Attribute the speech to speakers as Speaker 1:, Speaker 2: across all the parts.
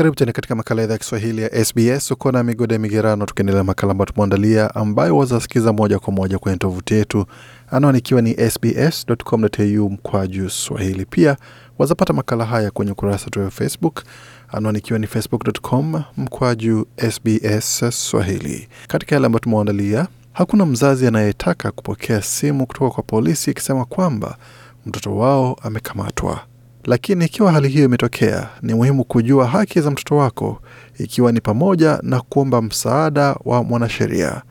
Speaker 1: Karibu tena katika makala idhaa ya Kiswahili ya SBS. Uko na migode migerano, tukiendelea makala ambayo tumeandalia, ambayo wazasikiza moja kwa moja kwenye tovuti yetu, anwani ikiwa ni sbs.com.au mkwaju swahili. Pia wazapata makala haya kwenye ukurasa wetu wa Facebook, anwani ikiwa ni facebook.com mkwaju sbs swahili. Katika yale ambayo tumeandalia, hakuna mzazi anayetaka kupokea simu kutoka kwa polisi ikisema kwamba mtoto wao amekamatwa. Lakini ikiwa hali hiyo imetokea, ni muhimu kujua haki za mtoto wako, ikiwa ni pamoja na kuomba msaada wa mwanasheria.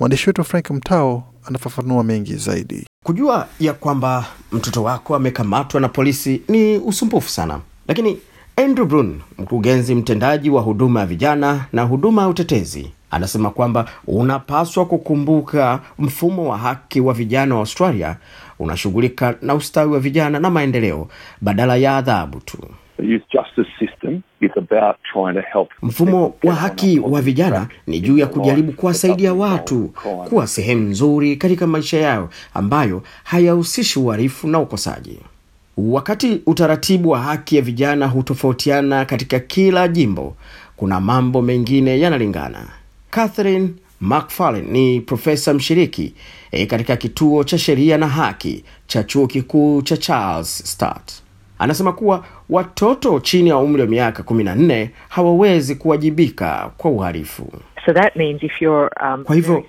Speaker 1: Mwandishi wetu Frank Mtao anafafanua mengi zaidi. Kujua ya kwamba mtoto wako amekamatwa na polisi
Speaker 2: ni usumbufu sana, lakini Andrew Brun, mkurugenzi mtendaji wa huduma ya vijana na huduma ya utetezi, anasema kwamba unapaswa kukumbuka mfumo wa haki wa vijana wa Australia unashughulika na ustawi wa vijana na maendeleo badala ya adhabu tu. Mfumo wa haki wa vijana ni juu ya kujaribu kuwasaidia watu kuwa sehemu nzuri katika maisha yao ambayo hayahusishi uharifu na ukosaji. Wakati utaratibu wa haki ya vijana hutofautiana katika kila jimbo, kuna mambo mengine yanalingana. Catherine McFarlane ni profesa mshiriki e, katika kituo cha sheria na haki cha chuo kikuu cha Charles Sturt. Anasema kuwa watoto chini ya umri wa miaka 14 hawawezi kuwajibika kwa uhalifu. So that means if you're, um, kwa hivyo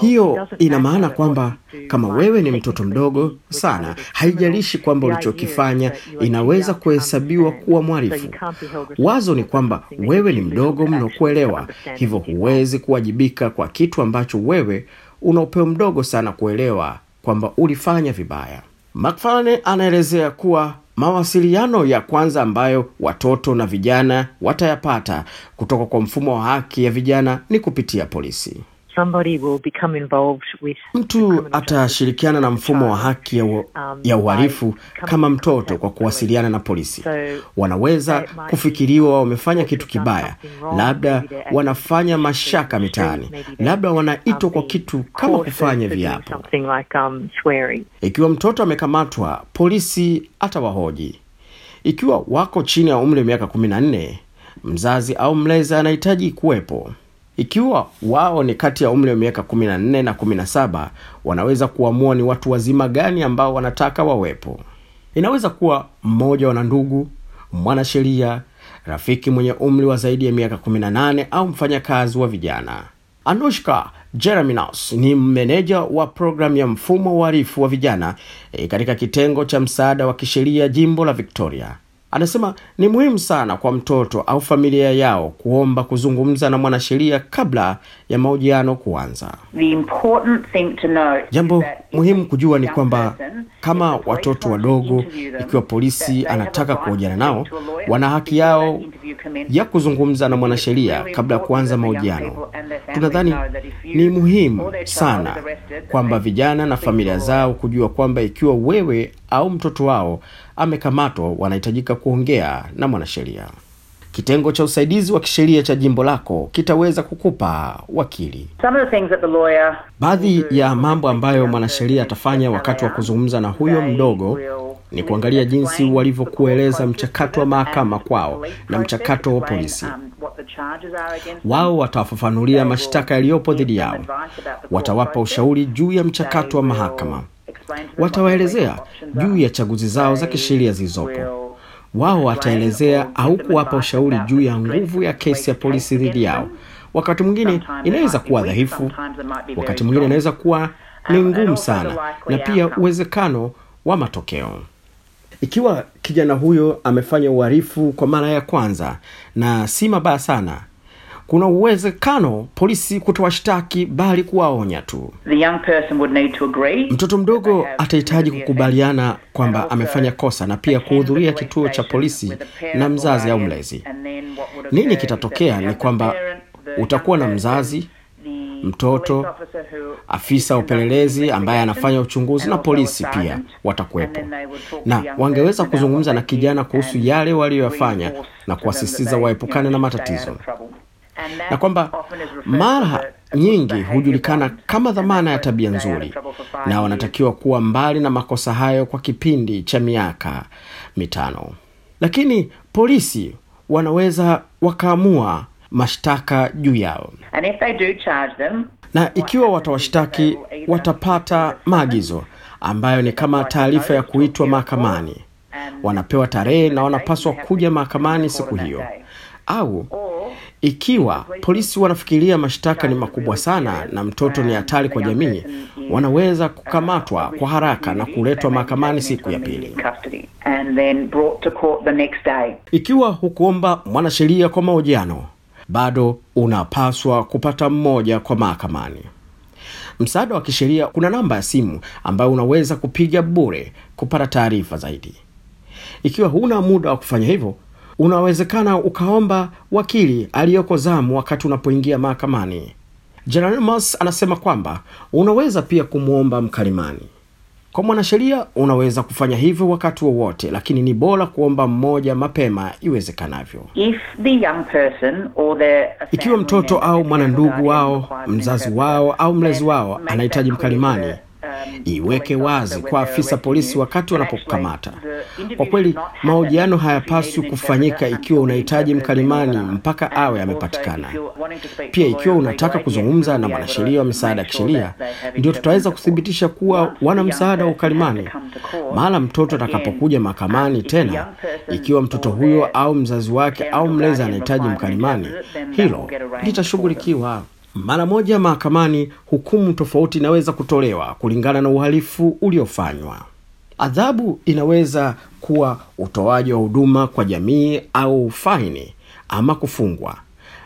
Speaker 2: hiyo ina maana kwamba kama wewe ni mtoto mdogo sana, haijalishi kwamba ulichokifanya inaweza kuhesabiwa kuwa mwarifu. Wazo ni kwamba wewe ni mdogo mno kuelewa, hivyo huwezi kuwajibika kwa kitu ambacho wewe una upeo mdogo sana kuelewa kwamba ulifanya vibaya. Macfarlane anaelezea kuwa mawasiliano ya kwanza ambayo watoto na vijana watayapata kutoka kwa mfumo wa haki ya vijana ni kupitia polisi. Mtu atashirikiana na mfumo wa haki ya, uharifu um, uhalifu kama mtoto kwa kuwasiliana na polisi. Wanaweza kufikiriwa wamefanya kitu kibaya, labda wanafanya mashaka mitaani, labda wanaitwa kwa um, kitu kama kufanya viapo. Um, Ikiwa mtoto amekamatwa, polisi atawahoji. Ikiwa wako chini ya umri wa miaka kumi na nne, mzazi au mlezi anahitaji kuwepo. Ikiwa wao ni kati ya umri wa miaka 14 na 17, wanaweza kuamua ni watu wazima gani ambao wanataka wawepo. Inaweza kuwa mmoja wana ndugu, mwanasheria, rafiki mwenye umri wa zaidi ya miaka 18 au mfanyakazi wa vijana. Anushka jeraminos ni meneja wa programu ya mfumo wa uhalifu wa vijana e, katika kitengo cha msaada wa kisheria jimbo la Victoria. Anasema ni muhimu sana kwa mtoto au familia yao kuomba kuzungumza na mwanasheria kabla ya mahojiano kuanza. Jambo muhimu kujua ni kwamba kama watoto wadogo, ikiwa polisi anataka kuhojiana nao, wana haki yao ya kuzungumza na mwanasheria kabla ya kuanza mahojiano. Tunadhani ni muhimu sana kwamba vijana na familia zao kujua kwamba ikiwa wewe au mtoto wao amekamatwa wanahitajika kuongea na mwanasheria. Kitengo cha usaidizi wa kisheria cha jimbo lako kitaweza kukupa wakili. Baadhi ya mambo ambayo mwanasheria atafanya wakati wa kuzungumza na huyo mdogo ni kuangalia jinsi walivyokueleza mchakato wa mahakama kwao na mchakato wa polisi. Um, wao watawafafanulia mashtaka yaliyopo dhidi yao, watawapa ushauri juu ya mchakato wa mahakama Watawaelezea juu ya chaguzi zao za kisheria zilizopo. Wao wataelezea au kuwapa ushauri juu ya nguvu ya kesi ya polisi dhidi yao. Wakati mwingine inaweza kuwa dhaifu, wakati mwingine inaweza kuwa ni ngumu sana, na pia uwezekano wa matokeo ikiwa kijana huyo amefanya uharifu kwa mara ya kwanza, na si mabaya sana kuna uwezekano polisi kutowashtaki bali kuwaonya tu. Mtoto mdogo atahitaji kukubaliana kwamba amefanya kosa na pia kuhudhuria kituo cha polisi na mzazi au mlezi. Nini kitatokea ni kwamba utakuwa na mzazi mtoto, afisa upelelezi ambaye anafanya uchunguzi na polisi pia watakuwepo, na wangeweza kuzungumza na kijana kuhusu yale waliyoyafanya na kuwasisitiza waepukane na matatizo na kwamba mara nyingi hujulikana kama dhamana ya tabia nzuri, na wanatakiwa kuwa mbali na makosa hayo kwa kipindi cha miaka mitano. Lakini polisi wanaweza wakaamua mashtaka juu yao na ikiwa watawashtaki watapata maagizo ambayo ni kama taarifa ya kuitwa mahakamani. Wanapewa tarehe na wanapaswa kuja mahakamani siku hiyo, au ikiwa polisi wanafikiria mashtaka ni makubwa sana na mtoto ni hatari kwa jamii, wanaweza kukamatwa kwa haraka na kuletwa mahakamani siku ya pili. Ikiwa hukuomba mwanasheria kwa mahojiano, bado unapaswa kupata mmoja kwa mahakamani. Msaada wa kisheria, kuna namba ya simu ambayo unaweza kupiga bure kupata taarifa zaidi. Ikiwa huna muda wa kufanya hivyo unawezekana ukaomba wakili aliyoko zamu wakati unapoingia mahakamani. Jeranimus anasema kwamba unaweza pia kumwomba mkalimani. Kwa mwanasheria unaweza kufanya hivyo wakati wowote lakini ni bora kuomba mmoja mapema iwezekanavyo.
Speaker 1: Ikiwa mtoto
Speaker 2: au mwanandugu wao, mzazi wao au mlezi wao anahitaji mkalimani Um, iweke wazi kwa afisa polisi wakati wanapokamata. Uh, kwa kweli, mahojiano hayapaswi kufanyika ikiwa unahitaji mkalimani mpaka awe amepatikana. Pia ikiwa unataka kuzungumza na mwanasheria wa misaada ya kisheria, ndio tutaweza kuthibitisha kuwa wana msaada wa ukalimani. Mahala mtoto atakapokuja uh, mahakamani tena, ikiwa mtoto huyo au mzazi wake au mlezi anahitaji mkalimani, hilo litashughulikiwa mara moja mahakamani, hukumu tofauti inaweza kutolewa kulingana na uhalifu uliofanywa. Adhabu inaweza kuwa utoaji wa huduma kwa jamii au faini ama kufungwa,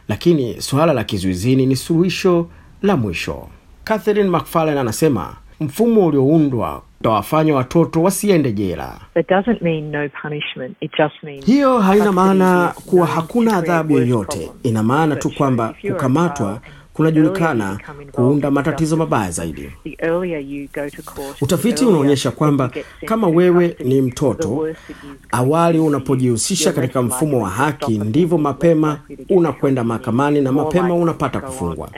Speaker 2: lakini suala la kizuizini ni suluhisho la mwisho. Catherine McFarlane anasema mfumo ulioundwa utawafanya watoto wasiende jela. No, hiyo haina maana kuwa hakuna adhabu yoyote. Ina maana tu kwamba kukamatwa kunajulikana kuunda matatizo mabaya zaidi. Utafiti unaonyesha kwamba kama wewe ni mtoto, awali unapojihusisha katika mfumo wa haki, ndivyo mapema unakwenda mahakamani na mapema unapata kufungwa.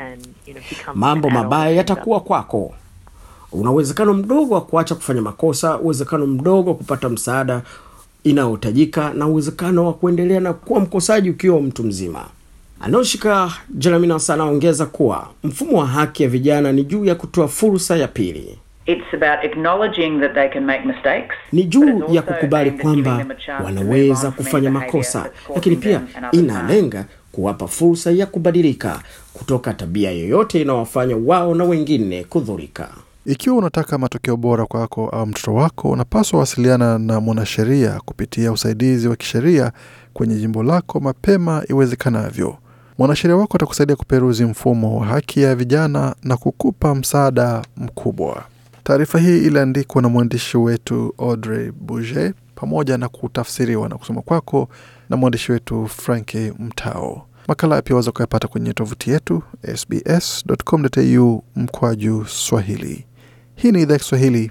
Speaker 2: Mambo mabaya yatakuwa kwako. Una uwezekano mdogo wa kuacha kufanya makosa, uwezekano mdogo wa kupata msaada inayohitajika na uwezekano wa kuendelea na kuwa mkosaji ukiwa mtu mzima anaoshika Jelaminans anaongeza kuwa mfumo wa haki ya vijana ni juu ya kutoa fursa ya pili. It's about acknowledging that they can make mistakes, ni juu ya kukubali kwamba wanaweza kufanya makosa, lakini pia inalenga kuwapa fursa ya kubadilika kutoka tabia yoyote inawafanya wao na wengine kudhurika.
Speaker 1: Ikiwa unataka matokeo bora kwako au mtoto wako, unapaswa wasiliana na mwanasheria kupitia usaidizi wa kisheria kwenye jimbo lako mapema iwezekanavyo. Mwanasheria wako atakusaidia kuperuzi mfumo wa haki ya vijana na kukupa msaada mkubwa. Taarifa hii iliandikwa na mwandishi wetu Audrey Buget pamoja na kutafsiriwa na kusoma kwako na mwandishi wetu Franki Mtao. Makala pia waweza kuyapata kwenye tovuti yetu sbs.com.au mkwaju Swahili. Hii ni idhaa Kiswahili